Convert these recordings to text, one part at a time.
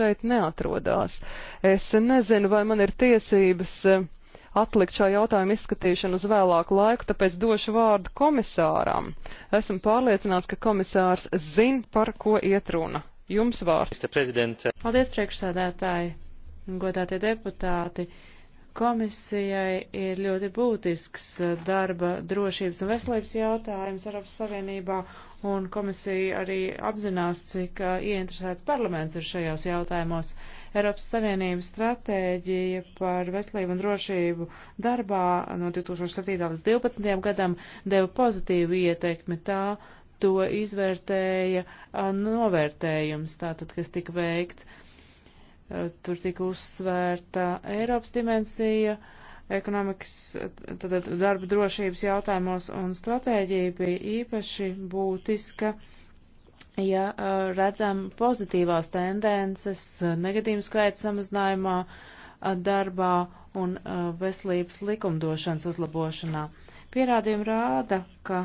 šeit neatrodās. Es nezinu, vai man ir tiesības e, atlikt šā jautājuma izskatīšanu uz vēlāku laiku, tāpēc došu vārdu komisāram. Esmu pārliecināts, ka komisārs zin, par ko iet runa. Jums vārds. E- Paldies, priekšsēdētāji, godātie deputāti. Komisijai ir ļoti būtisks eh, darba drošības un veselības jautājums Eiropas Savienībā, un komisija arī apzinās, cik eh, ieinteresēts parlaments ir šajos jautājumos. Eiropas Savienības stratēģija par veselību un drošību darbā no 2007. līdz 2012. gadam deva pozitīvu ieteikmi tā, to izvērtēja eh, novērtējums, tātad, kas tika veikts Tur tika uzsvērta Eiropas dimensija, ekonomikas, tātad darba drošības jautājumos un stratēģija bija īpaši būtiska, ja redzam pozitīvās tendences negatīvu skaitu samazinājumā darbā un veselības likumdošanas uzlabošanā. Pierādījumi rāda, ka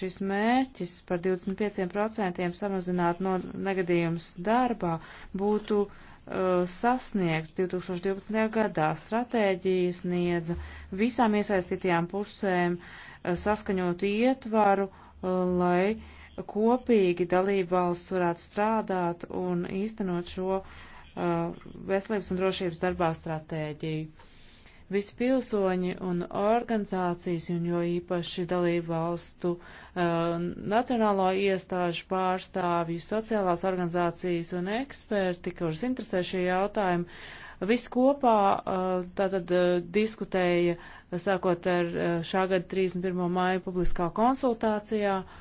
šis mērķis par 25% samazināt no negadījumus darbā būtu uh, Uh, sasniegt 2012. gadā. Stratēģija sniedza visām iesaistītajām pusēm uh, saskaņot ietvaru, uh, lai kopīgi dalību valsts varētu strādāt un īstenot šo veselības un drošības darbā stratēģiju. Visi pilsoņi un organizācijas, un jo īpaši dalību valstu uh, nacionālo iestāžu pārstāvju, sociālās organizācijas un eksperti, kurus interesē šie jautājumi, visi kopā uh, tātad uh, diskutēja, sākot ar uh, šā gada 31. māju publiskā konsultācijā. Uh,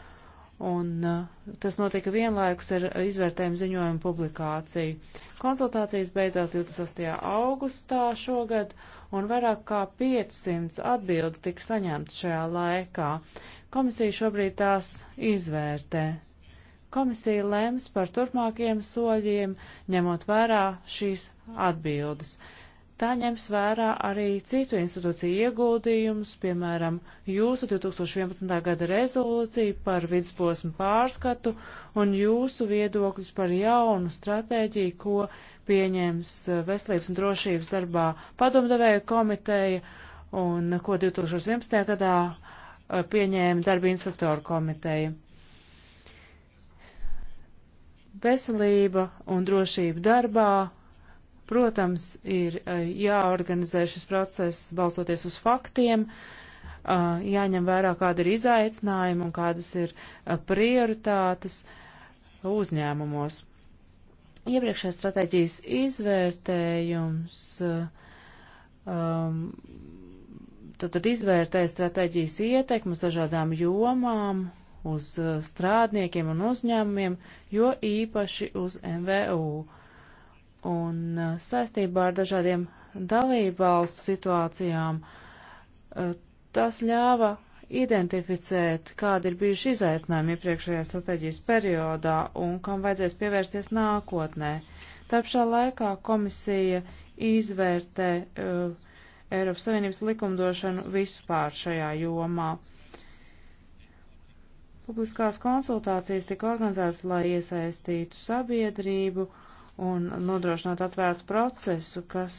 un uh, tas notika vienlaikus ar izvērtējumu ziņojumu publikāciju. Konsultācijas beidzās 28. augustā šogad, un vairāk kā 500 atbildes tika saņemtas šajā laikā. Komisija šobrīd tās izvērtē. Komisija lems par turpmākajiem soļiem, ņemot vērā šīs atbildes. Uh, tā ņems vērā arī citu institūciju ieguldījumus, piemēram, jūsu 2011. gada rezolūciju par vidusposmu pārskatu un jūsu viedokļus par jaunu stratēģiju, ko pieņems eh, Veselības un drošības darbā padomdevēja komiteja un ko 2011. gadā eh, pieņēma darba inspektoru komiteja veselība un drošība darbā Protams, ir eh, jāorganizē šis process balstoties uz faktiem, eh, jāņem vērā, kāda ir izaicinājuma un kādas ir eh, prioritātes uzņēmumos. Iepriekšējais stratēģijas izvērtējums um, tad izvērtēja stratēģijas ietekmu uz dažādām jomām, uz strādniekiem un uzņēmumiem, jo īpaši uz MVU. Uh, Un uh, saistībā ar dažādiem dalībvalstu situācijām uh, tas ļāva identificēt, kādi ir bijuši izaicinājumi iepriekšējā strateģijas periodā un kam vajadzēs pievērsties nākotnē. Tāpšā laikā komisija izvērtē uh, Eiropas Savienības likumdošanu vispār šajā jomā. Publiskās konsultācijas tika organizētas, lai iesaistītu sabiedrību un nodrošināt atvērtu procesu, kas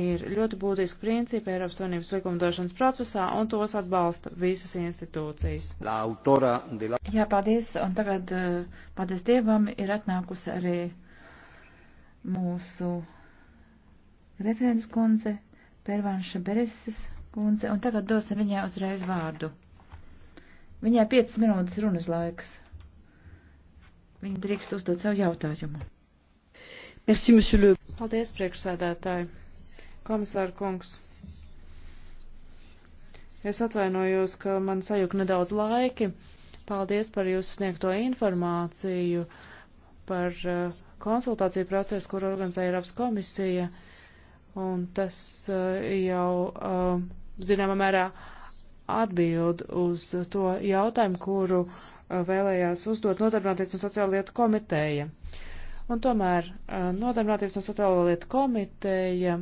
ir ļoti būtiski principi Eiropas Savienības likumdošanas procesā, un tos atbalsta visas institūcijas. La autora de la... Jā, paldies, un tagad, eh, paldies Dievam, ir atnākusi arī mūsu referents kundze, Pervanša Bereses kundze, un tagad dosim viņai uzreiz vārdu. Viņai 5 minūtes runas laiks. Viņa drīkst uzdot savu jautājumu. Merci, monsieur le. Paldies, priekšsēdētāji. Komisāra kungs. Es atvainojos, ka man sajūg nedaudz laiki. Paldies par jūsu sniegto informāciju par uh, konsultāciju procesu, kur organizēja Eiropas komisija. Un tas uh, jau, uh, zināmā mērā, atbild uz to jautājumu, kuru vēlējās uzdot Nodarbinātības un sociālietu komiteja. Uh, Un tomēr Nodarbinātības un sociālo lietu komiteja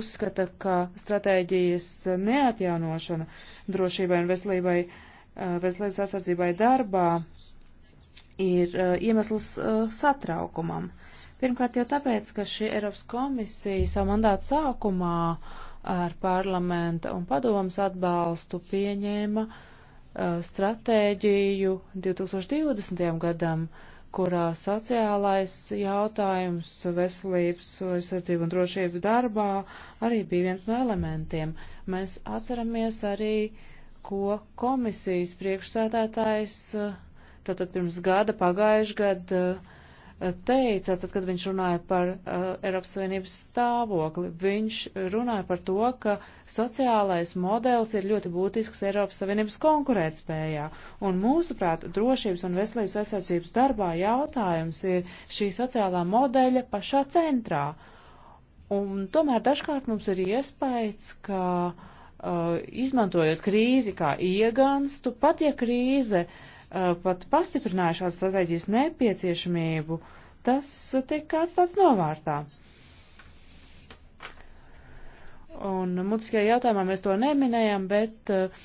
uzskata, ka stratēģijas neatjaunošana drošībai un veselībai, veselības aizsardzībai darbā ir iemesls satraukumam. Pirmkārt jau tāpēc, ka šī Eiropas komisija savu mandātu sākumā ar parlamenta un padomas atbalstu pieņēma stratēģiju 2020. gadam, uh, kurā sociālais jautājums, veselības aizsardzība un drošība darbā arī bija viens no elementiem. Mēs atceramies arī, ko komisijas priekšsēdētājs, eh, tātad pirms gada, pagājuši gadu, eh, teica, tad, kad viņš runāja par uh, Eiropas Savienības stāvokli, viņš runāja par to, ka sociālais modelis ir ļoti būtisks Eiropas Savienības konkurētspējā. Un mūsuprāt, drošības un veselības aizsardzības darbā jautājums ir šī sociālā modeļa pašā centrā. Un tomēr dažkārt mums ir iespējas, ka uh, izmantojot krīzi kā ieganstu, pat ja krīze uh, Eh, pat pastiprināja šādas stratēģijas nepieciešamību, tas tiek kāds tāds novārtā. Un mutiskajā jautājumā mēs to neminējam, bet uh,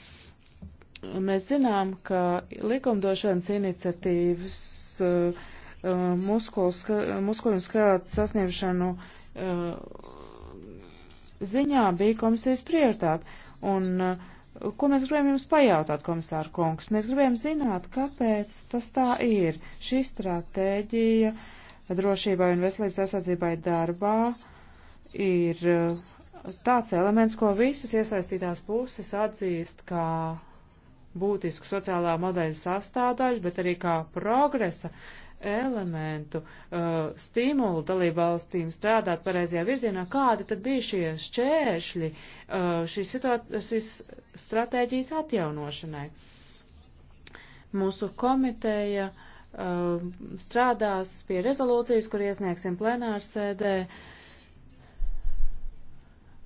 mēs zinām, ka likumdošanas iniciatīvas uh, muskuļu skelētu sasniegšanu uh, ziņā bija komisijas prioritāte. Un uh, Ko mēs gribējām jums pajautāt, komisāra kungs? Mēs gribējām zināt, kāpēc tas tā ir. Šī stratēģija drošībai un veselības aizsardzībai darbā ir uh, tāds elements, ko visas iesaistītās puses atzīst kā būtisku sociālā modeļa sastāvdaļu, bet arī kā progresa elementu, uh, stimulu dalībvalstīm strādāt pareizajā virzienā, kādi tad bija šie šķēršļi uh, šīs, šīs stratēģijas atjaunošanai. Mūsu komiteja uh, strādās pie rezolūcijas, kur iesniegsim plenārsēdē.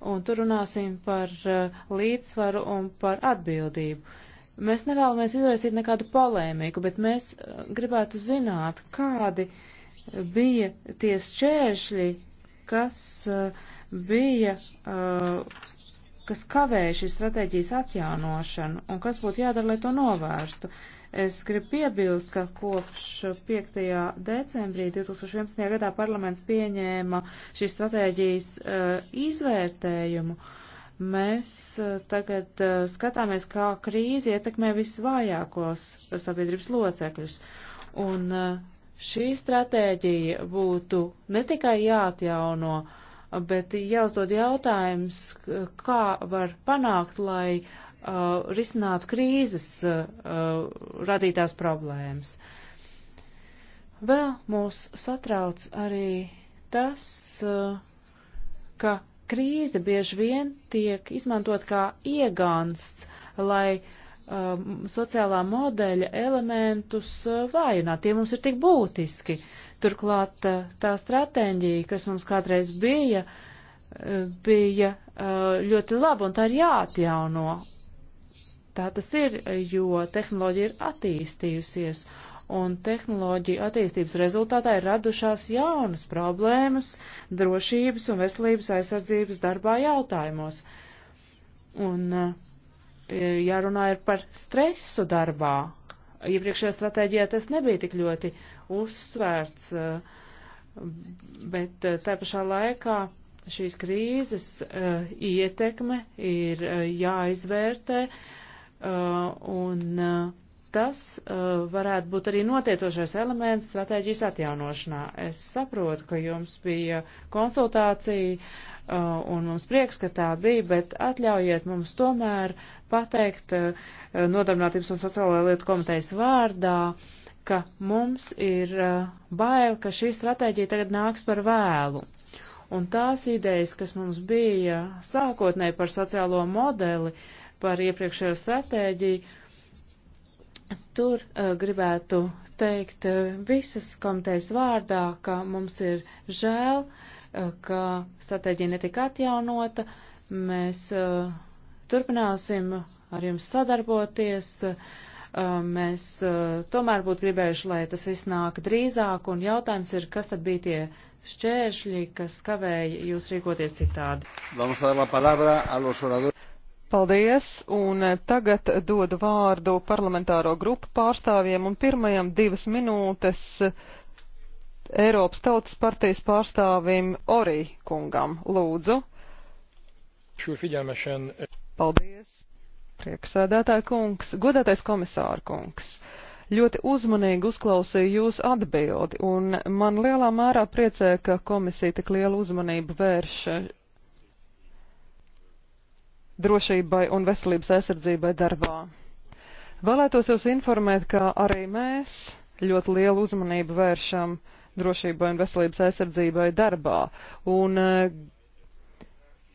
Un tur runāsim par uh, līdzsvaru un par atbildību. Uh, Mēs nevēlamies izraisīt nekādu polēmiku, bet mēs eh, gribētu zināt, kādi bija tie šķēršļi, kas eh, bija, eh, kas kavēja šīs stratēģijas atjaunošanu un kas būtu jādara, lai to novērstu. Es gribu piebilst, ka kopš 5. decembrī 2011. gadā parlaments pieņēma šīs stratēģijas izvērtējumu. Uh, Mēs eh, tagad eh, skatāmies, kā krīze ietekmē visvājākos sabiedrības locekļus. Un eh, šī stratēģija būtu ne tikai jāatjauno, bet jāuzdod jautājums, kā var panākt, lai uh, risinātu krīzes uh, radītās problēmas. Vēl mūs satrauc arī tas, uh, ka krīze bieži vien tiek izmantot kā iegansts, lai um, sociālā modeļa elementus uh, vājinātu. Tie mums ir tik būtiski. Turklāt uh, tā stratēģija, kas mums kādreiz bija, uh, bija uh, ļoti laba un tā ir jāatjauno. Tā tas ir, jo tehnoloģija ir attīstījusies un tehnoloģiju attīstības rezultātā ir radušās jaunas problēmas drošības un veselības aizsardzības darbā jautājumos. Un e, jārunā ir par stresu darbā. Iepriekšējā stratēģijā tas nebija tik ļoti uzsvērts, e, bet e, tā pašā laikā šīs krīzes ietekme ir jāizvērtē un tas uh, varētu būt arī notiecošais elements stratēģijas atjaunošanā. Es saprotu, ka jums bija konsultācija uh, un mums prieks, ka tā bija, bet atļaujiet mums tomēr pateikt uh, Nodarbinātības un sociālo lietu komitejas vārdā, ka mums ir uh, bail, ka šī stratēģija tagad nāks par vēlu. Un tās idejas, kas mums bija sākotnēji par sociālo modeli, par iepriekšējo stratēģiju, Tur uh, gribētu teikt uh, visas komitejas vārdā, ka mums ir žēl, uh, ka stratēģija netika atjaunota. Mēs uh, turpināsim ar jums sadarboties. Uh, mēs uh, tomēr būtu gribējuši, lai tas viss nāk drīzāk, un jautājums ir, kas tad bija tie šķēršļi, kas kavēja jūs rīkoties citādi. Paldies, un eh, tagad dodu vārdu parlamentāro grupu pārstāvjiem, un pirmajam divas minūtes eh, Eiropas Tautas partijas pārstāvim Orī kungam. Lūdzu. Eh, Paldies, prieksēdētāja kungs, godātais komisāra kungs ļoti uzmanīgi uzklausīju jūsu atbildi, un man lielā mērā priecē, ka komisija tik lielu uzmanību vērš drošībai un veselības aizsardzībai darbā. Vēlētos jūs informēt, ka arī mēs ļoti lielu uzmanību vēršam drošībai un veselības aizsardzībai darbā, un eh,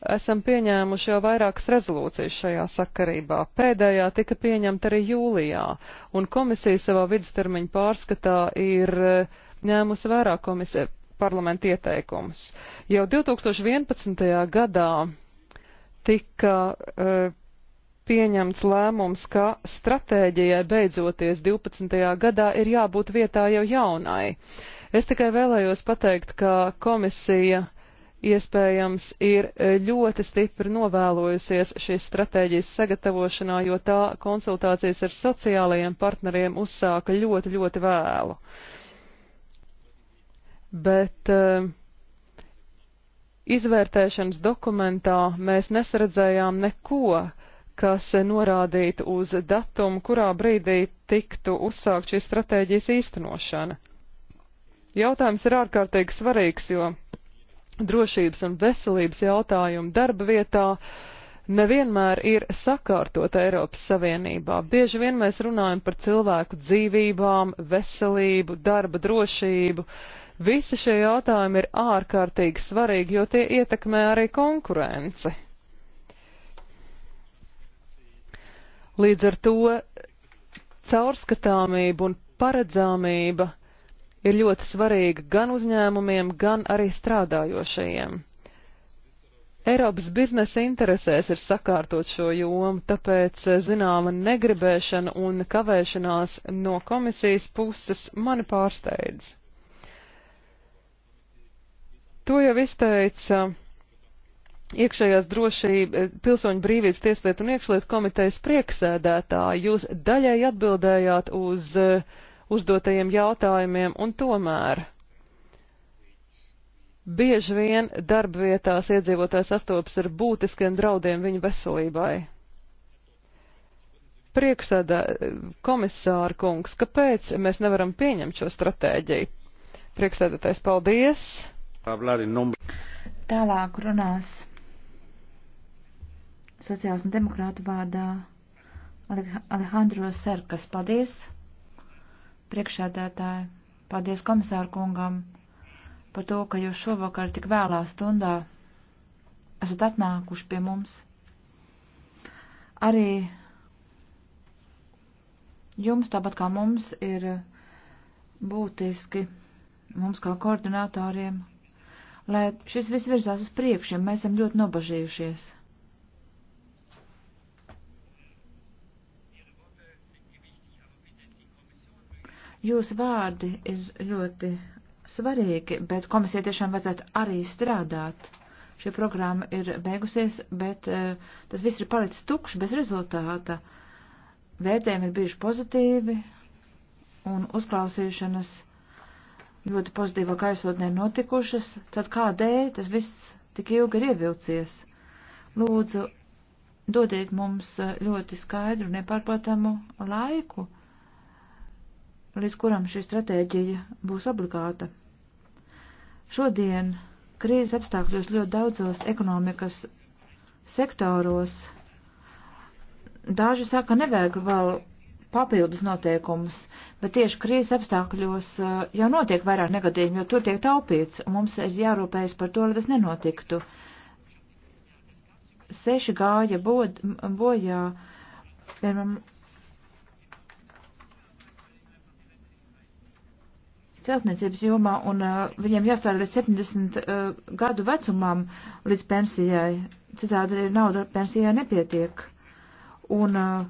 esam pieņēmuši jau vairākas rezolūcijas šajā sakarībā. Pēdējā tika pieņemta arī jūlijā, un komisija savā vidustermiņa pārskatā ir eh, ņēmusi vērā komisija parlamenta ieteikumus. Jau 2011. gadā tika uh, pieņemts lēmums, ka stratēģijai beidzoties 12. gadā ir jābūt vietā jau jaunai. Es tikai vēlējos pateikt, ka komisija iespējams ir ļoti stipri novēlojusies šīs stratēģijas sagatavošanā, jo tā konsultācijas ar sociālajiem partneriem uzsāka ļoti, ļoti vēlu. Bet uh, izvērtēšanas dokumentā mēs nesaredzējām neko, kas norādītu uz datumu, kurā brīdī tiktu uzsākt šīs stratēģijas īstenošana. Jautājums ir ārkārtīgi svarīgs, jo drošības un veselības jautājumu darba vietā nevienmēr ir sakārtot Eiropas Savienībā. Bieži vien mēs runājam par cilvēku dzīvībām, veselību, darba drošību, uh, Visi šie jautājumi ir ārkārtīgi svarīgi, jo tie ietekmē arī konkurenci. Līdz ar to caurskatāmība un paredzāmība ir ļoti svarīga gan uzņēmumiem, gan arī strādājošajiem. Eiropas biznesa interesēs ir sakārtot šo jomu, tāpēc zināma negribēšana un kavēšanās no komisijas puses mani pārsteidz. To jau izteica iekšējās drošība, eh, pilsoņu brīvības tieslietu un iekšlietu komitejas prieksēdētāji. Jūs daļai atbildējāt uz eh, uzdotajiem jautājumiem un tomēr. Bieži vien darbvietās iedzīvotājs sastopas ar būtiskiem draudiem viņu veselībai. Priekšsēdā eh, komisāra kungs, kāpēc mēs nevaram pieņemt šo stratēģiju? Priekšsēdētājs, paldies! Tālāk runās sociāls un demokrātu vārdā Alejandro Serkas. Paldies, priekšsēdētāji, paldies komisāru kungam par to, ka jūs šovakar tik vēlā stundā esat atnākuši pie mums. Arī jums, tāpat kā mums, ir būtiski mums kā koordinātoriem lai šis viss virzās uz priekšu, ja mēs esam ļoti nobažījušies. Jūsu vārdi ir ļoti svarīgi, bet komisija tiešām vajadzētu arī strādāt. Šī programma ir beigusies, bet uh, tas viss ir palicis tukšs bez rezultāta. Vērtējumi ir bijuši pozitīvi un uzklausīšanas ļoti pozitīvā gaisotnē notikušas, tad kādēļ tas viss tik ilgi ir ievilcies? Lūdzu, dodiet mums eh, ļoti skaidru, nepārprotamu laiku, līdz kuram šī stratēģija būs obligāta. Šodien krīzes apstākļos ļoti daudzos ekonomikas sektoros daži saka, nevajag vēl papildus noteikumus, bet tieši krīzes apstākļos eh, jau notiek vairāk negadījumi, jo tur tiek taupīts, un mums ir jārūpējas par to, lai tas nenotiktu. Seši gāja bod, bojā, piemēram, celtniecības jomā, un uh, viņiem jāstrādā līdz 70 uh, eh, gadu vecumam līdz pensijai, citādi nauda pensijai nepietiek. Un, uh,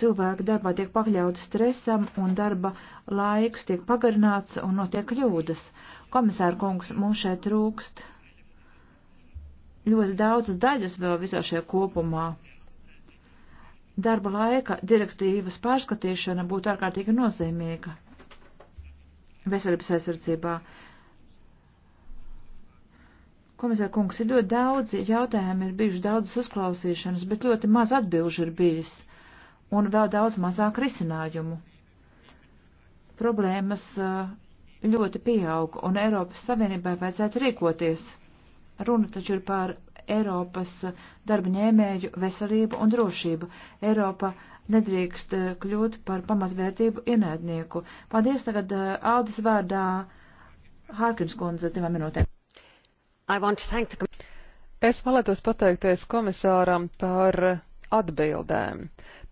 cilvēki darbā tiek pakļauti stresam un darba laiks tiek pagarināts un notiek kļūdas. Komisāra kungs, mums šeit trūkst ļoti daudzas daļas vēl visā šajā kopumā. Darba laika direktīvas pārskatīšana būtu ārkārtīgi nozīmīga veselības aizsardzībā. Komisāra kungs, ir ļoti daudz jautājumu, ir bijuši daudzas uzklausīšanas, bet ļoti maz atbilžu ir bijis. Uh, un vēl daudz mazāk risinājumu. Problēmas eh, ļoti pieaug, un Eiropas Savienībai vajadzētu rīkoties. Runa taču ir par Eiropas eh, darba ņēmēju veselību un drošību. Eiropa nedrīkst eh, kļūt par pamatvērtību ienēdnieku. Paldies tagad Aldis vārdā Hārkins kundze divām minūtēm. Es vēlētos pateikties komisāram par atbildēm.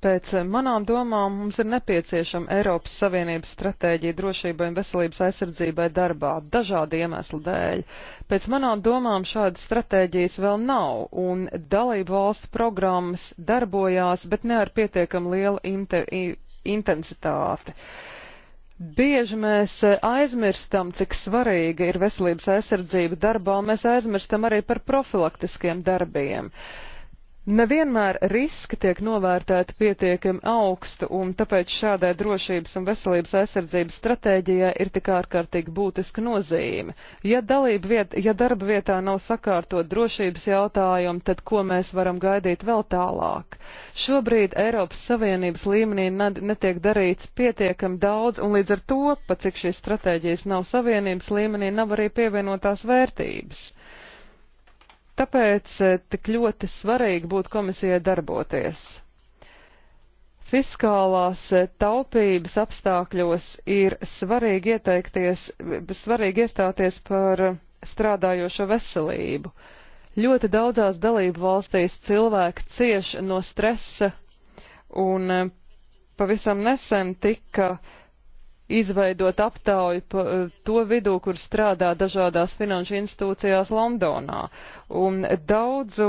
Pēc eh, manām domām mums ir nepieciešama Eiropas Savienības stratēģija drošībai un veselības aizsardzībai darbā dažādu iemeslu dēļ. Pēc manām domām šādas stratēģijas vēl nav, un dalību valstu programmas darbojās, bet ne ar pietiekam lielu inter, intensitāti. Bieži mēs eh, aizmirstam, cik svarīga ir veselības aizsardzība darbā, un mēs aizmirstam arī par profilaktiskiem darbiem. Uh, Nevienmēr riski tiek novērtēti pietiekami augstu, un tāpēc šādai drošības un veselības aizsardzības stratēģijai ir tik ārkārtīgi būtiska nozīme. Ja, viet, ja darba vietā nav sakārtot drošības jautājumu, tad ko mēs varam gaidīt vēl tālāk? Šobrīd Eiropas Savienības līmenī netiek darīts pietiekami daudz, un līdz ar to, pa cik šīs stratēģijas nav Savienības līmenī, nav arī pievienotās vērtības. Tāpēc eh, tik ļoti svarīgi būtu komisijai darboties. Fiskālās eh, taupības apstākļos ir svarīgi ieteikties, svarīgi iestāties par strādājošo veselību. Ļoti daudzās dalību valstīs cilvēki cieš no stresa, un eh, pavisam nesen tika uh, izveidot aptauju pa, eh, to vidū, kur strādā dažādās finanšu institūcijās Londonā. Un daudzu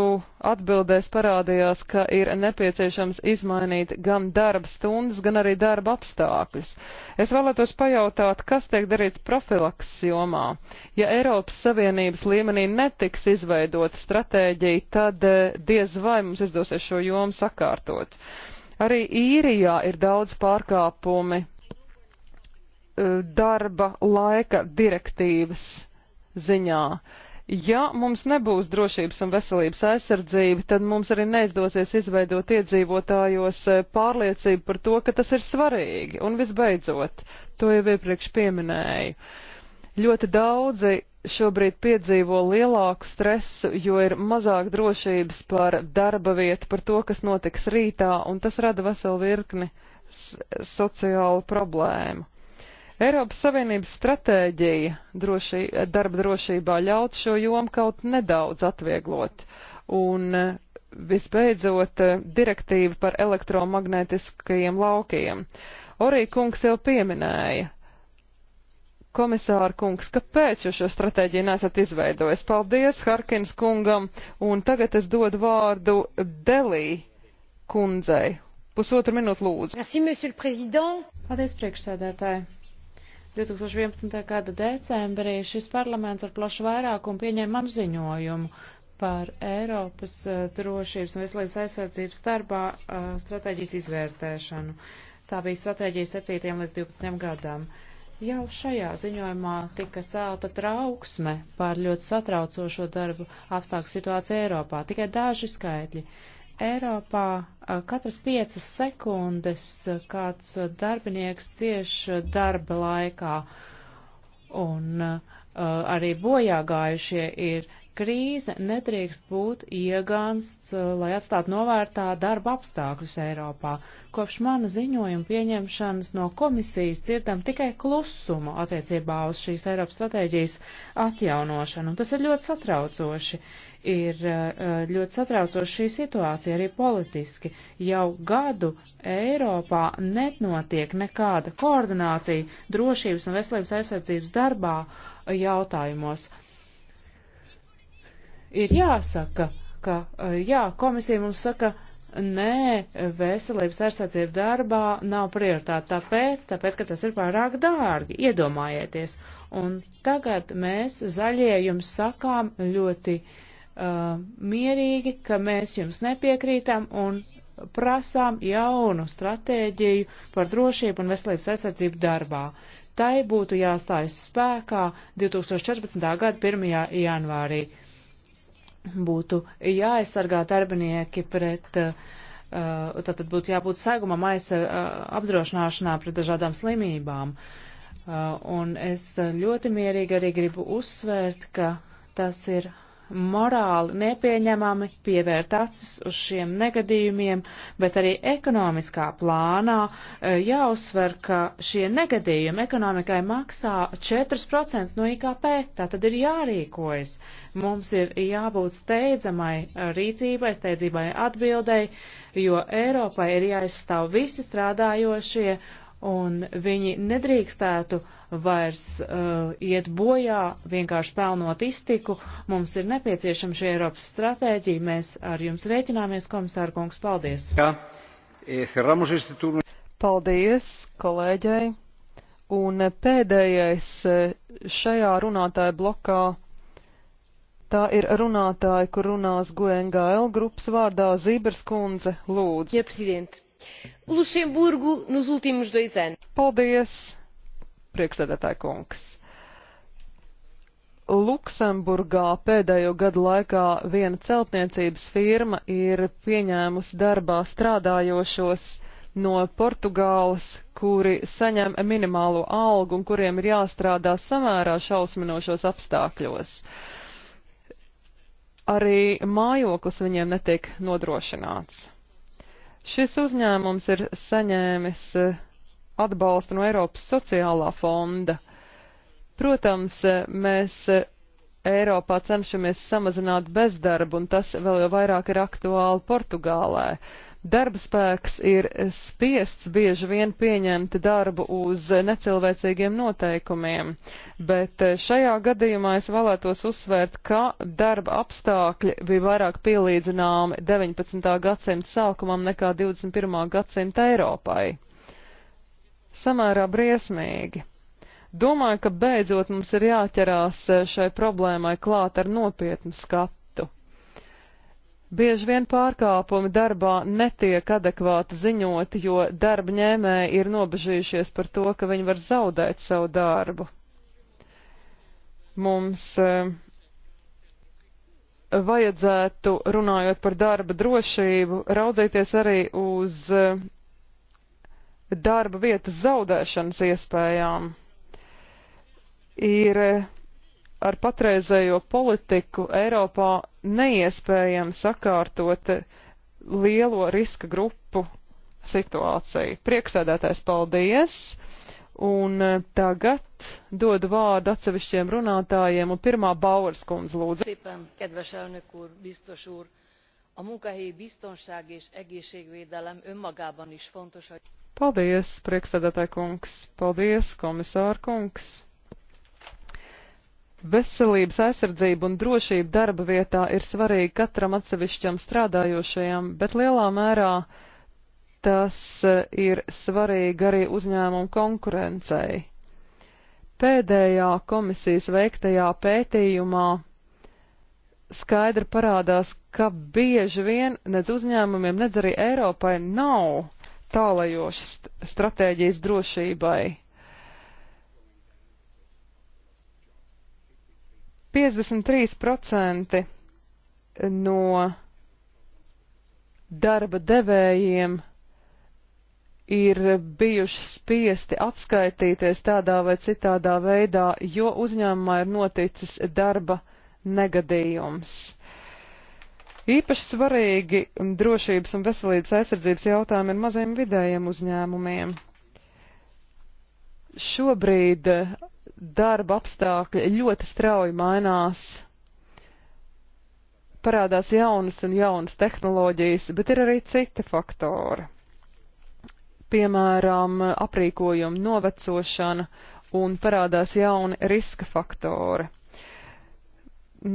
atbildēs parādījās, ka ir nepieciešams izmainīt gan darba stundas, gan arī darba apstākļus. Es vēlētos pajautāt, kas tiek darīts profilakses jomā. Ja Eiropas Savienības līmenī netiks izveidot stratēģija, tad eh, diez vai mums izdosies šo jomu sakārtot. Arī īrijā ir daudz pārkāpumi Eh, darba laika direktīvas ziņā. Ja mums nebūs drošības un veselības aizsardzība, tad mums arī neizdosies izveidot iedzīvotājos eh, pārliecību par to, ka tas ir svarīgi. Un visbeidzot, to jau iepriekš pieminēju. Ļoti daudzi šobrīd piedzīvo lielāku stresu, jo ir mazāk drošības par darba vietu, par to, kas notiks rītā, un tas rada veselu virkni sociālu problēmu. Eiropas Savienības stratēģija droši, darba drošībā ļaut šo jomu kaut nedaudz atvieglot. Un eh, visbeidzot, eh, direktīva par elektromagnētiskajiem laukiem. Orī kungs jau pieminēja, komisāra kungs, kāpēc jūs šo stratēģiju nesat izveidojis? Paldies Harkins kungam, un tagad es dodu vārdu Delī kundzei. Pusotru minūtu lūdzu. Merci, Paldies, priekšsēdētāji. 2011. gada decembrī šis parlaments ar plašu vairākumu pieņēma manu ziņojumu par Eiropas eh, drošības un veselības aizsardzības starpā eh, stratēģijas izvērtēšanu. Tā bija stratēģija 7. līdz 12. gadam. Jau šajā ziņojumā tika cēlta trauksme par ļoti satraucošo darbu apstākļu situāciju Eiropā. Tikai daži skaitļi. Uh, Eiropā katras piecas sekundes kāds darbinieks cieš darba laikā, un uh, arī bojā gājušie ir. Krīze nedrīkst būt iegānsts, lai atstātu novērtā darba apstākļus Eiropā. Kopš mana ziņojuma pieņemšanas no komisijas dzirdam tikai klusumu attiecībā uz šīs Eiropas stratēģijas atjaunošanu, un tas ir ļoti satraucoši. Uh, ir eh, ļoti satraucoša šī situācija arī politiski. Jau gadu Eiropā nenotiek nekāda koordinācija drošības un veselības aizsardzības darbā jautājumos. Ir jāsaka, ka eh, jā, komisija mums saka, nē, veselības aizsardzība darbā nav prioritāte. Tāpēc, tāpēc, ka tas ir pārāk dārgi, iedomājieties. Un tagad mēs zaļie jums sakām ļoti uh, uh, mierīgi, ka mēs jums nepiekrītam un prasām jaunu stratēģiju par drošību un veselības aizsardzību darbā. Tai būtu jāstājas spēkā 2014. gada 1. janvārī. Būtu jāaizsargā darbinieki pret uh, tātad uh, būtu jābūt segumam aisa uh, apdrošināšanā pret dažādām slimībām. Uh, un es ļoti mierīgi arī gribu uzsvērt, ka tas ir morāli nepieņemami pievērt acis uz šiem negadījumiem, bet arī ekonomiskā plānā e, jāuzsver, ka šie negadījumi ekonomikai maksā 4% no IKP, tā tad ir jārīkojas. Mums ir jābūt steidzamai rīcībai, steidzamai atbildei, jo Eiropai ir jāizstāv visi strādājošie un viņi nedrīkstētu vairs uh, iet bojā, vienkārši pelnot iztiku. Mums ir nepieciešama šī Eiropas stratēģija. Mēs ar jums rēķināmies, komisāra kungs. Paldies! E, Paldies kolēģei! Un pēdējais e, šajā runātāja blokā. Tā ir runātāja, kur runās Guengail grupas vārdā Zībers kundze. Lūdzu. Ja, Luxemburgo nos últimos dois anos. Paldies, priekšsēdētāja kungs. Luksemburgā pēdējo gadu laikā viena celtniecības firma ir pieņēmusi darbā strādājošos no Portugāles, kuri saņem minimālo algu un kuriem ir jāstrādā samērā šausminošos apstākļos. Arī mājoklis viņiem netiek nodrošināts. Šis uzņēmums ir saņēmis eh, atbalstu no Eiropas sociālā fonda. Protams, eh, mēs eh, Eiropā cenšamies samazināt bezdarbu, un tas vēl jau vairāk ir aktuāli Portugālē. Uh, Darbspēks ir spiests bieži vien pieņemt darbu uz necilvēcīgiem noteikumiem, bet eh, šajā gadījumā es vēlētos uzsvērt, ka darba apstākļi bija vairāk pielīdzināmi 19. gadsimta sākumam nekā 21. gadsimta Eiropai. Samērā briesmīgi. Domāju, ka beidzot mums ir jāķerās eh, šai problēmai klāt ar nopietnu skatu. Bieži vien pārkāpumi darbā netiek adekvāti ziņoti, jo darba ņēmēji ir nobežījušies par to, ka viņi var zaudēt savu darbu. Mums eh, vajadzētu, runājot par darba drošību, raudzīties arī uz eh, darba vietas zaudēšanas iespējām. Ir eh, ar patreizējo politiku Eiropā neiespējami sakārtot lielo riska grupu situāciju. Prieksēdētājs paldies! Un eh, tagad dodu vārdu atsevišķiem runātājiem, un pirmā Bauers kundze lūdzu. Szépen, kedves elnök úr, biztos úr, a munkahelyi biztonság és egészségvédelem önmagában is fontos, hogy... Paldies, priekšsēdētāj kungs, paldies, komisār kungs. Veselības aizsardzība un drošība darba vietā ir svarīga katram atsevišķam strādājošajam, bet lielā mērā tas eh, ir svarīgi arī uzņēmumu konkurencei. Pēdējā komisijas veiktajā pētījumā skaidri parādās, ka bieži vien nedz uzņēmumiem, nedz arī Eiropai nav tālajošas stratēģijas drošībai 53% no darba devējiem ir bijuši spiesti atskaitīties tādā vai citādā veidā, jo uzņēmumā ir noticis darba negadījums. Īpaši svarīgi drošības un veselības aizsardzības jautājumi ir maziem vidējiem uzņēmumiem. Šobrīd eh, darba apstākļi ļoti strauji mainās parādās jaunas un jaunas tehnoloģijas, bet ir arī citi faktori. Piemēram, aprīkojuma novecošana un parādās jauni riska faktori.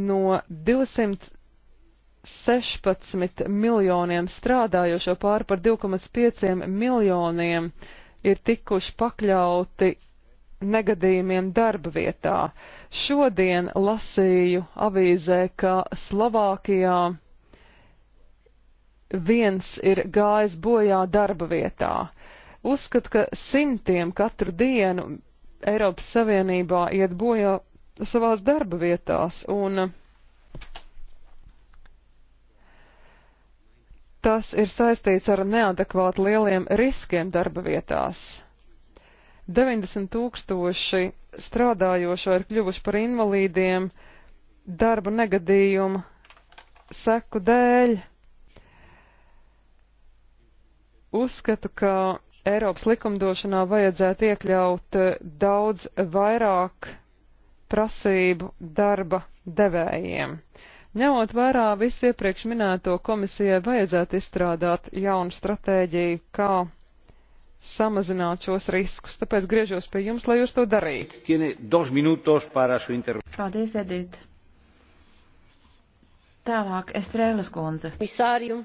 No 216 miljoniem strādājošo pāri par 2,5 miljoniem uh, ir tikuši pakļauti negadījumiem darba vietā. Šodien lasīju avīzē, ka Slovākijā viens ir gājis bojā darba vietā. Uzskat, ka simtiem katru dienu Eiropas Savienībā iet bojā savās darba vietās, un tas ir saistīts ar neadekvāti lieliem riskiem darba vietās. 90 tūkstoši strādājošo ir kļuvuši par invalīdiem darba negadījumu seku dēļ. Uzskatu, ka Eiropas likumdošanā vajadzētu iekļaut eh, daudz vairāk prasību darba devējiem. Uh, Ņemot vērā visu iepriekš minēto, komisijai vajadzētu izstrādāt jaunu stratēģiju, kā samazināt šos riskus. Tāpēc griežos pie jums, lai jūs to darītu. Paldies, Edita. Tālāk, Estrēlas kundze. Komisārium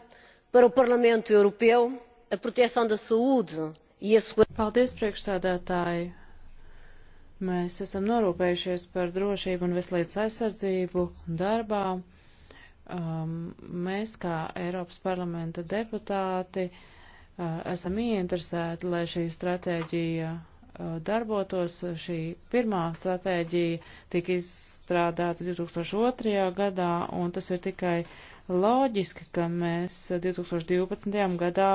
par parlamentu Europeu, a proteção da saúde e a segurança. Paldies, priekšsādātāji. Mēs esam norūpējušies par drošību un veselības aizsardzību darbā um, mēs kā Eiropas parlamenta deputāti uh, esam ieinteresēti, lai šī stratēģija uh, darbotos. Šī pirmā stratēģija tika izstrādāta 2002. gadā, un tas ir tikai loģiski, ka mēs 2012. gadā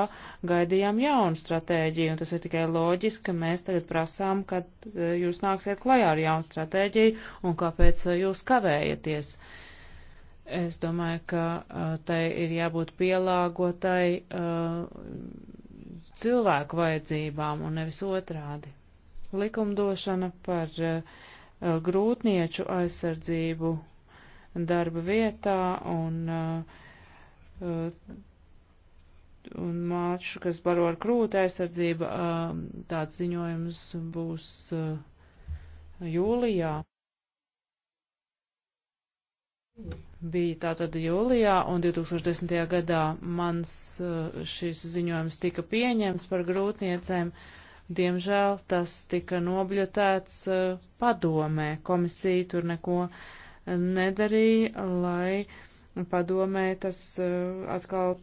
gaidījām jaunu stratēģiju, un tas ir tikai loģiski, ka mēs tagad prasām, kad uh, jūs nāksiet klajā ar jaunu stratēģiju, un kāpēc uh, jūs kavējaties. Uh, Es domāju, ka uh, tai ir jābūt pielāgotai uh, cilvēku vajadzībām un nevis otrādi. Likumdošana par uh, grūtnieču aizsardzību darba vietā un, uh, un māču, kas baro ar krūti aizsardzību, uh, tāds ziņojums būs uh, jūlijā bija tātad jūlijā un 2010. gadā mans eh, šis ziņojums tika pieņemts par grūtniecēm. Diemžēl tas tika nobļotēts eh, padomē. Komisija tur neko nedarīja, lai padomē tas eh, atkal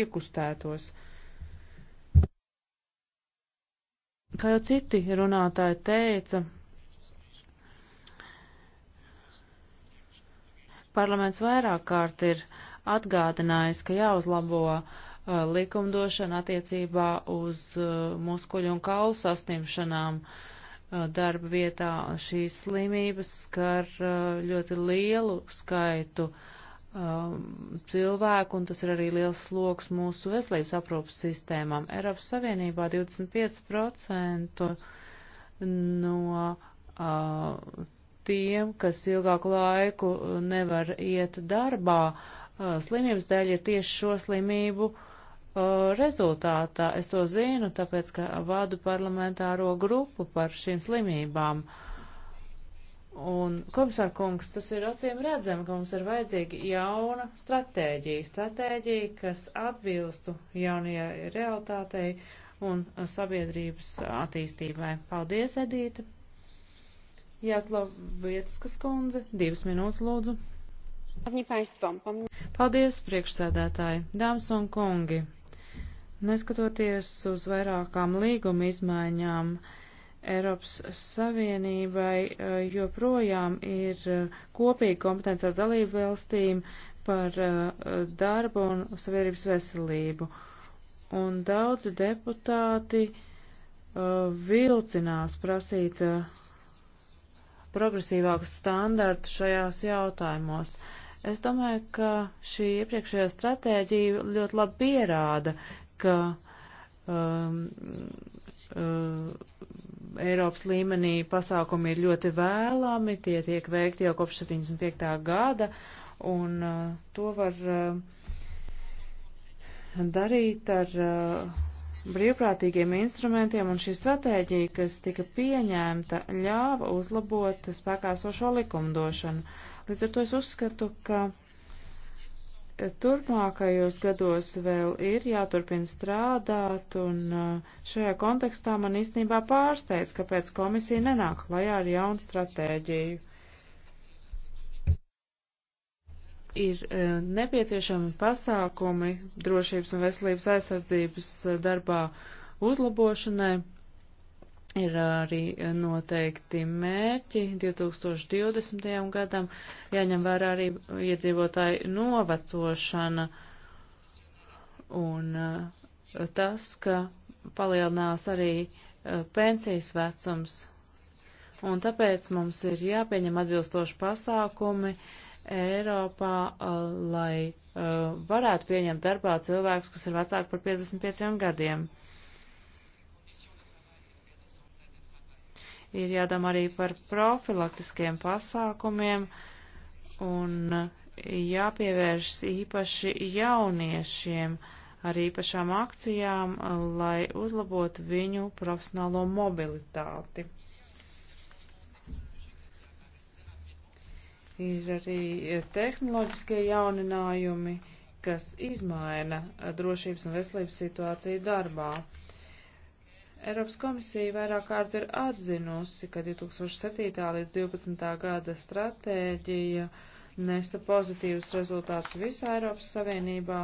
iekustētos. Kā jau citi runātāji teica, Parlaments vairāk kārt ir atgādinājis, ka jāuzlabo uh, likumdošana attiecībā uz uh, muskuļu un kaulu sastimšanām uh, darba vietā. Šīs slimības skar uh, ļoti lielu skaitu um, cilvēku, un tas ir arī liels sloks mūsu veselības aprūpas sistēmām. Eiropas Savienībā 25% no uh, tiem, kas ilgāku laiku nevar iet darbā, slimības dēļ ir tieši šo slimību rezultātā. Es to zinu, tāpēc, ka vādu parlamentāro grupu par šīm slimībām. Un, komisār kungs, tas ir acīm redzami, ka mums ir vajadzīga jauna stratēģija, stratēģija, kas atbilstu jaunajai realitātei un sabiedrības attīstībai. Paldies, Edīte! Jāslavvietskas kundze, divas minūtes lūdzu. Paldies, priekšsēdētāji, dāmas un kungi. Neskatoties uz vairākām līguma izmaiņām, Eiropas Savienībai eh, joprojām ir eh, kopīga kompetence ar dalību valstīm par eh, darbu un sabiedrības veselību. Un daudzi deputāti vilcinās prasīt progresīvākus standartus šajās jautājumos. Es domāju, ka šī iepriekšējā stratēģija ļoti labi pierāda, ka um, uh, Eiropas līmenī pasākumi ir ļoti vēlami, tie tiek veikti jau kopš 75. gada, un uh, to var uh, darīt ar. Uh, brīvprātīgiem instrumentiem, un šī stratēģija, kas tika pieņēmta, ļāva uzlabot spēkāsošo likumdošanu. Līdz ar to es uzskatu, ka turpmākajos gados vēl ir jāturpina strādāt, un uh, šajā kontekstā man īstenībā pārsteidz, kāpēc komisija nenāk klajā ar jaunu stratēģiju. ir e, nepieciešami pasākumi drošības un veselības aizsardzības e, darbā uzlabošanai. Ir arī e, noteikti mērķi 2020. gadam, jāņem vērā arī iedzīvotāju novecošana un tas, ka palielinās arī pensijas vecums. Un tāpēc mums ir jāpieņem atbilstoši pasākumi, uh, Eiropā, lai varētu pieņemt darbā cilvēkus, kas ir vecāki par 55 gadiem. Ir jādomā arī par profilaktiskiem pasākumiem un jāpievēršas īpaši jauniešiem ar īpašām akcijām, lai uzlabotu viņu profesionālo mobilitāti. Ir arī tehnoloģiskie jauninājumi, kas izmaina drošības un veselības situāciju darbā. Eiropas komisija vairāk kārt ir atzinusi, ka 2007. līdz 2012. gada stratēģija nesta pozitīvus rezultātus visā Eiropas Savienībā,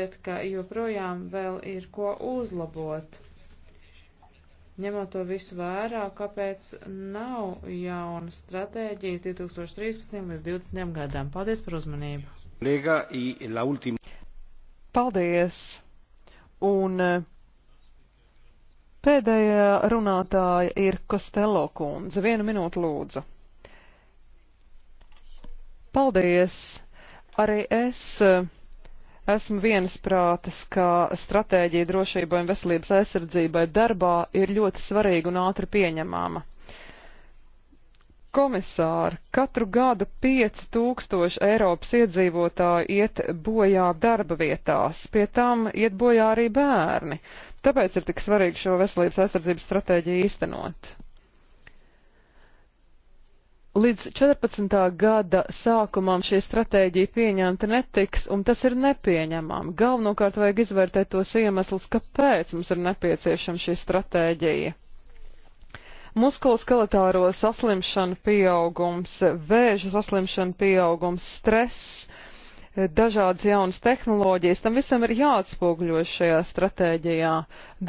bet ka joprojām vēl ir ko uzlabot. Ņemot to visu vērā, kāpēc nav jaunas stratēģijas 2013 līdz 2020 gadām? Paldies par uzmanību. Paldies! Un e, pēdējā runātāja ir Kostelo kundze. Vienu minūtu lūdzu. Paldies! Arī es. Uh, Esmu viensprātis, ka stratēģija drošībai un veselības aizsardzībai darbā ir ļoti svarīga un ātri pieņemama. Komisāri, katru gadu 5000 Eiropas iedzīvotāji iet bojā darba vietās, pie tam iet bojā arī bērni. Tāpēc ir tik svarīgi šo veselības aizsardzības stratēģiju īstenot līdz 14. gada sākumam šī stratēģija pieņemta netiks, un tas ir nepieņemami. Galvenokārt vajag izvērtēt tos iemeslus, kāpēc mums ir nepieciešama šī stratēģija. Muskuloskeletāro saslimšanu pieaugums, vēža saslimšanu pieaugums, stress dažādas jaunas tehnoloģijas, tam visam ir jāatspoguļojas šajā stratēģijā.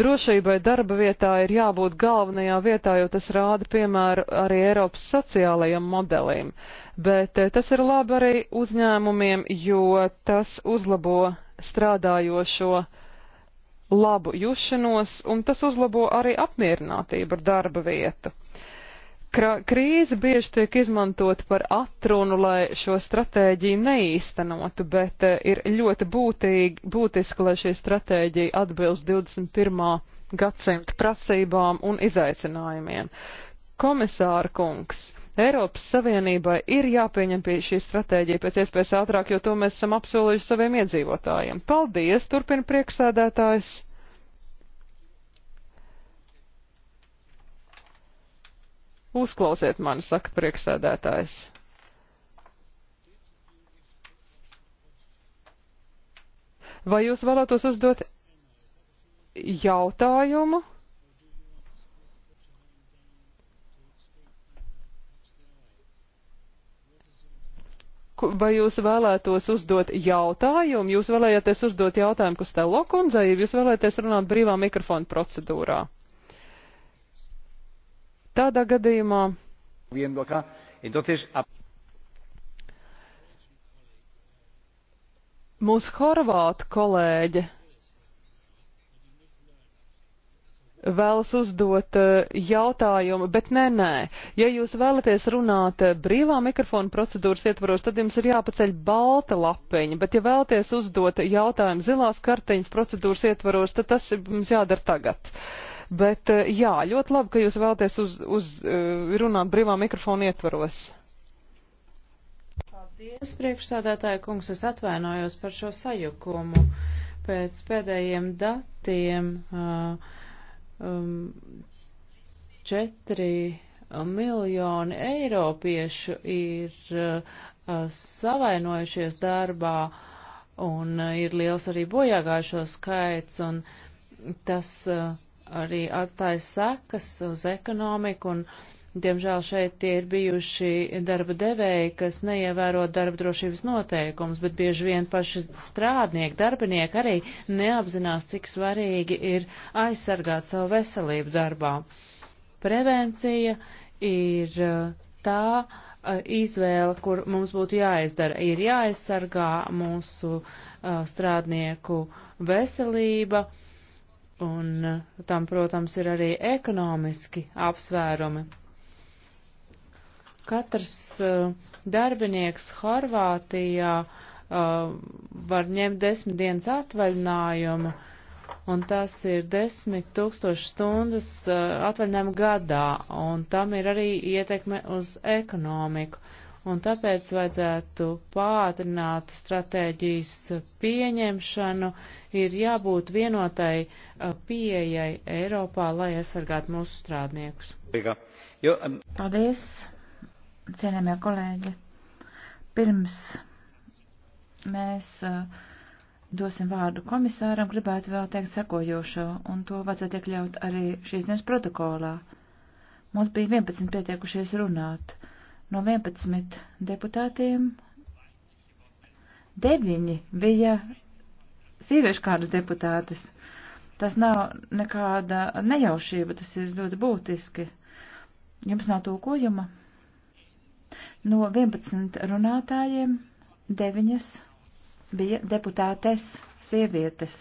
Drošībai darba vietā ir jābūt galvenajā vietā, jo tas rāda piemēru arī Eiropas sociālajiem modelim. Bet eh, tas ir labi arī uzņēmumiem, jo tas uzlabo strādājošo labu jušanos, un tas uzlabo arī apmierinātību ar darba vietu krīze bieži tiek izmantot par atrunu, lai šo stratēģiju neīstenotu, bet eh, ir ļoti būtīgi, būtiski, lai šī stratēģija atbilst 21. gadsimta prasībām un izaicinājumiem. Komisāra kungs, Eiropas Savienībai ir jāpieņem pie šī stratēģija pēc iespējas ātrāk, jo to mēs esam apsolījuši saviem iedzīvotājiem. Paldies, turpina prieksēdētājs! Uzklausiet mani, saka prieksēdētājs. Vai jūs vēlētos uzdot jautājumu? vai jūs vēlētos uzdot jautājumu? Jūs vēlējāties uzdot jautājumu Kustelo kundzei, ja jūs vēlēties runāt brīvā mikrofona procedūrā? Tādā gadījumā. Mūsu horvātu kolēģe vēlas uzdot eh, jautājumu, bet nē, nē. Ja jūs vēlaties runāt eh, brīvā mikrofona procedūras ietvaros, tad jums ir jāpaceļ balta lapiņa, bet ja vēlaties uzdot jautājumu zilās kartiņas procedūras ietvaros, tad tas jums jādara tagad. Uh, Bet eh, jā, ļoti labi, ka jūs vēlaties uz, uz eh, runāt brīvā mikrofona ietvaros. Paldies, priekšsādātāja kungs, es atvainojos par šo sajukumu. Pēc pēdējiem datiem uh, um, četri miljoni eiropiešu ir uh, savainojušies darbā un uh, ir liels arī bojāgājušo skaits, un tas uh, arī atstāja sekas uz ekonomiku un, diemžēl, šeit tie ir bijuši darba devēji, kas neievēro darba drošības noteikumus, bet bieži vien paši strādnieki, darbinieki arī neapzinās, cik svarīgi ir aizsargāt savu veselību darbā. Prevencija ir uh, tā, uh, izvēle, kur mums būtu jāizdara, ir jāaizsargā mūsu uh, strādnieku veselība, un eh, tam, protams, ir arī ekonomiski apsvērumi. Katrs uh, darbinieks Horvātijā uh, var ņemt desmit dienas atvaļinājumu, un tas ir desmit tūkstoši stundas uh, atvaļinājumu gadā, un tam ir arī ietekme uz ekonomiku. Uh, un tāpēc vajadzētu pātrināt stratēģijas pieņemšanu, ir jābūt vienotai pieejai Eiropā, lai aizsargātu mūsu strādniekus. Paldies, cienījamie kolēģi. Pirms mēs dosim vārdu komisāram, gribētu vēl teikt sekojošo, un to vajadzētu iekļaut arī šīs dienas protokolā. Mums bija 11 pietiekušies runāt no 11 deputātiem 9 bija sieviešu kādas deputātes. Tas nav nekāda nejaušība, tas ir ļoti būtiski. Jums nav tūkojuma? No 11 runātājiem 9 bija deputātes sievietes.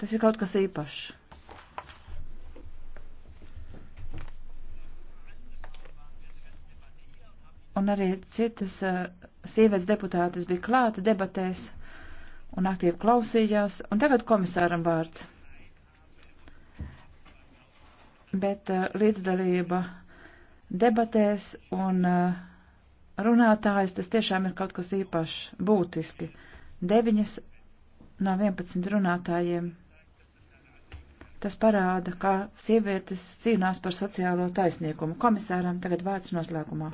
Tas ir kaut kas īpašs. un arī citas eh, sievietes deputātes bija klāta debatēs un aktīvi klausījās. Un tagad komisāram vārds. Bet eh, līdzdalība debatēs un eh, runātājs tas tiešām ir kaut kas īpašs, būtiski. Deviņas no 11 runātājiem Tas parāda, ka sievietes cīnās par sociālo taisnīgumu. Komisāram tagad vārds noslēgumā.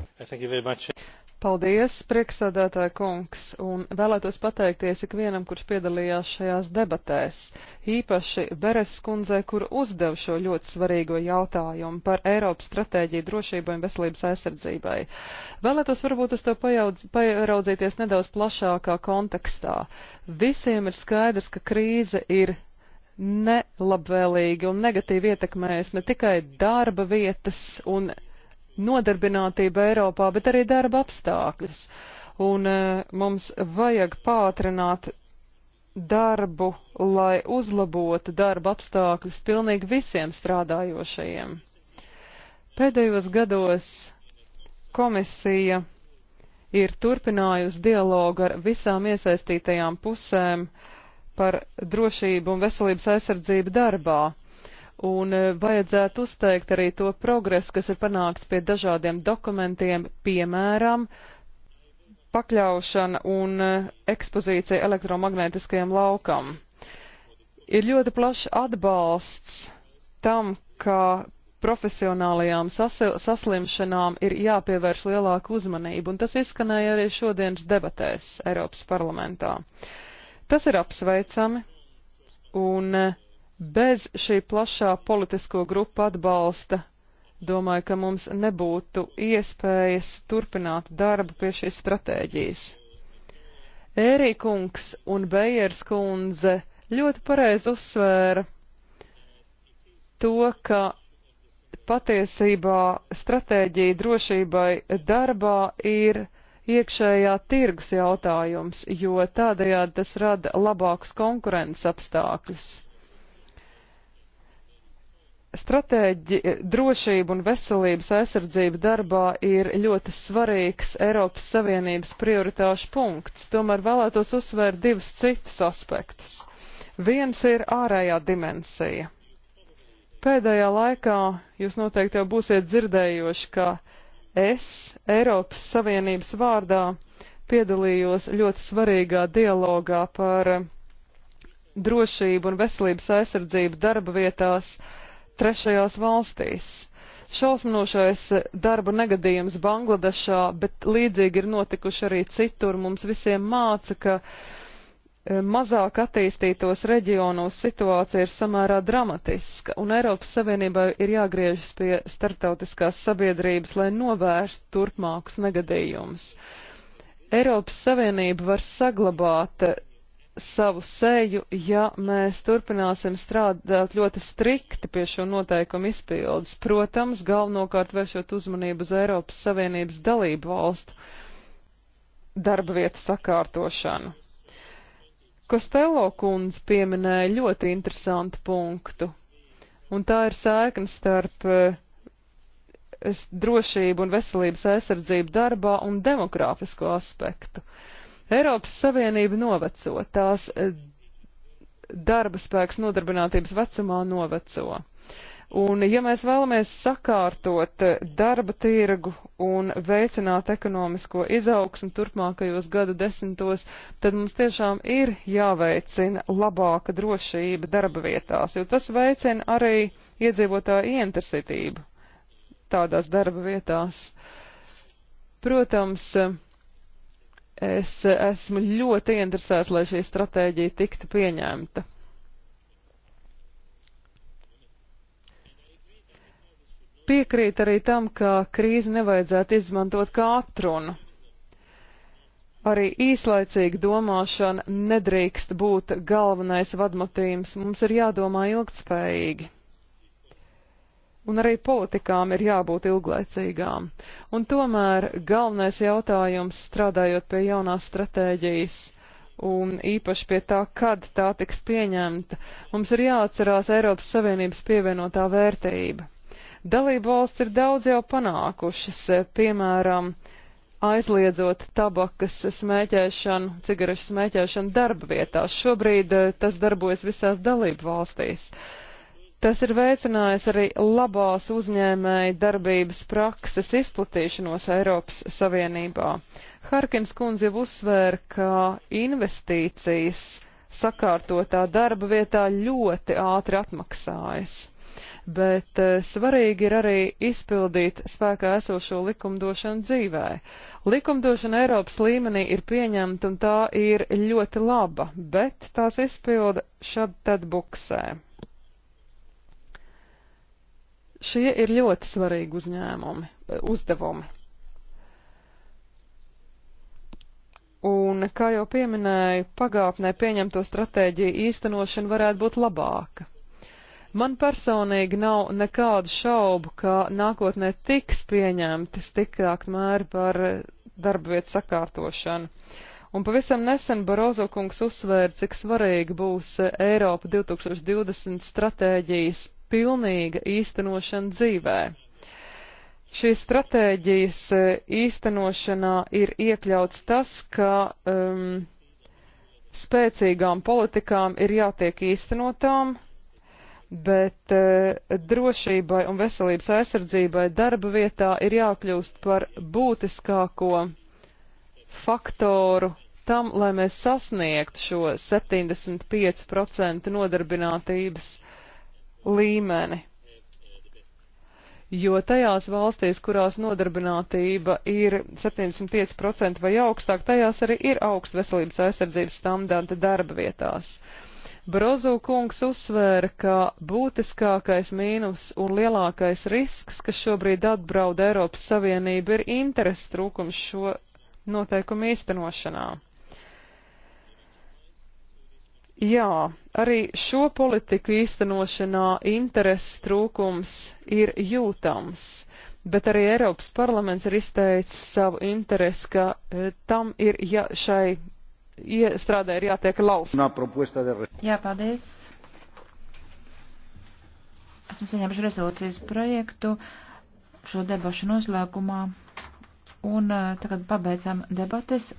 Paldies, priekšsādātāja kungs, un vēlētos pateikties ikvienam, kurš piedalījās šajās debatēs, īpaši Beres kundzē, kur uzdev šo ļoti svarīgo jautājumu par Eiropas stratēģiju drošībai un veselības aizsardzībai. Vēlētos varbūt uz to pajaudz, paraudzīties nedaudz plašākā kontekstā. Visiem ir skaidrs, ka krīze ir nelabvēlīgi un negatīvi ietekmēs ne tikai darba vietas un nodarbinātību Eiropā, bet arī darba apstākļus. Un e, mums vajag pātrināt darbu, lai uzlabotu darba apstākļus pilnīgi visiem strādājošajiem. Pēdējos gados komisija ir turpinājusi dialogu ar visām iesaistītajām pusēm, uh, par drošību un veselības aizsardzību darbā. Un e, vajadzētu uzteikt arī to progresu, kas ir panākts pie dažādiem dokumentiem, piemēram, pakļaušana un e, ekspozīcija elektromagnētiskajam laukam. Ir ļoti plašs atbalsts tam, ka profesionālajām saslimšanām ir jāpievērš lielāka uzmanība, un tas izskanēja arī šodienas debatēs Eiropas parlamentā. Uh, Tas ir apsveicami, un eh, bez šī plašā politisko grupu atbalsta domāju, ka mums nebūtu iespējas turpināt darbu pie šīs stratēģijas. Ērīkungs un Bejers kundze ļoti pareizi uzsvēra to, ka patiesībā stratēģija drošībai darbā ir iekšējā tirgus jautājums, jo tādējādi tas rada labākus konkurences apstākļus. Stratēģi drošība un veselības aizsardzība darbā ir ļoti svarīgs Eiropas Savienības prioritāšu punkts, tomēr vēlētos uzsvērt divus citus aspektus. Viens ir ārējā dimensija. Pēdējā laikā jūs noteikti jau būsiet dzirdējuši, ka es Eiropas Savienības vārdā piedalījos ļoti svarīgā dialogā par drošību un veselības aizsardzību darba vietās trešajās valstīs. Šausminošais darba negadījums Bangladešā, bet līdzīgi ir notikuši arī citur, mums visiem māca, ka uh, Eh, mazāk attīstītos reģionos situācija ir samērā dramatiska, un Eiropas Savienībai ir jāgriežas pie starptautiskās sabiedrības, lai novērstu turpmākus negadījumus. Eiropas Savienība var saglabāt eh, savu seju, ja mēs turpināsim strādāt ļoti strikti pie šo noteikumu izpildes. Protams, galvenokārt vēršot uzmanību uz Eiropas Savienības dalību valstu darba vietu sakārtošanu. Kostello kundze pieminēja ļoti interesantu punktu, un tā ir sēkna starp eh, drošību un veselības aizsardzību darbā un demografisko aspektu. Eiropas Savienība noveco, tās eh, darba spēks nodarbinātības vecumā noveco. Un, ja mēs vēlamies sakārtot eh, darba tirgu un veicināt ekonomisko izaugsmu turpmākajos gada desmitos, tad mums tiešām ir jāveicina labāka drošība darba vietās, jo tas veicina arī iedzīvotāju ieinteresitību tādās darba vietās. Protams, es esmu ļoti interesēts, lai šī stratēģija tiktu pieņemta. piekrīt arī tam, ka krīzi nevajadzētu izmantot kā atrunu. Arī īslaicīga domāšana nedrīkst būt galvenais vadmatījums, mums ir jādomā ilgtspējīgi. Un arī politikām ir jābūt ilglaicīgām. Un tomēr galvenais jautājums strādājot pie jaunās stratēģijas un īpaši pie tā, kad tā tiks pieņemta, mums ir jāatcerās Eiropas Savienības pievienotā vērtība. Dalību valsts ir daudz jau panākušas, eh, piemēram, aizliedzot tabakas smēķēšanu, cigarešu smēķēšanu darba vietās. Šobrīd eh, tas darbojas visās dalību valstīs. Tas ir veicinājis arī labās uzņēmēja darbības prakses izplatīšanos Eiropas Savienībā. Harkins kundze jau uzsvēra, ka investīcijas sakārtotā darba vietā ļoti ātri atmaksājas bet eh, svarīgi ir arī izpildīt spēkā esošo likumdošanu dzīvē. Likumdošana Eiropas līmenī ir pieņemta un tā ir ļoti laba, bet tās izpilda šad tad buksē. Šie ir ļoti svarīgi uzņēmumi, uzdevumi. Un, kā jau pieminēju, pagātnē pieņemto stratēģiju īstenošana varētu būt labāka. Man personīgi nav nekādu šaubu, ka nākotnē tiks pieņemti stiprāk mēri par darba vietu sakārtošanu. Un pavisam nesen Barozo kungs uzsvēra, cik svarīgi būs Eiropa 2020 stratēģijas pilnīga īstenošana dzīvē. Šīs stratēģijas e, īstenošanā ir iekļauts tas, ka um, spēcīgām politikām ir jātiek īstenotām, bet e, drošībai un veselības aizsardzībai darba vietā ir jākļūst par būtiskāko faktoru tam, lai mēs sasniegtu šo 75% nodarbinātības līmeni. Jo tajās valstīs, kurās nodarbinātība ir 75% vai augstāk, tajās arī ir augsts veselības aizsardzības standarta darba vietās. Uh, Brozu kungs uzsvēra, ka būtiskākais mīnus un lielākais risks, kas šobrīd atbraud Eiropas Savienību, ir interes trūkums šo noteikumu īstenošanā. Jā, arī šo politiku īstenošanā interes trūkums ir jūtams bet arī Eiropas parlaments ir izteicis savu interesi, ka eh, tam ir ja, šai iestrādē ir jātiek laust. Jā, paldies. Esmu saņēmuši rezolūcijas projektu šo debašu noslēgumā. Un eh, tagad pabeidzam debates.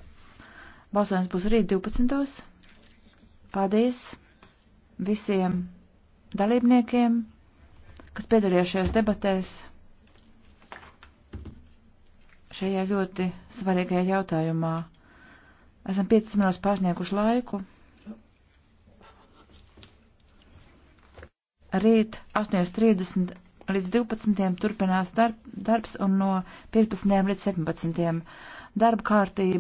Balsojums būs rīt 12. Paldies visiem dalībniekiem, kas piedalījās šajās debatēs šajā ļoti svarīgajā jautājumā. Esam 15 minūtes pārsnieguši laiku. Rīt 8.30 līdz 12. turpinās darb, darbs un no 15. līdz 17. darba kārtība.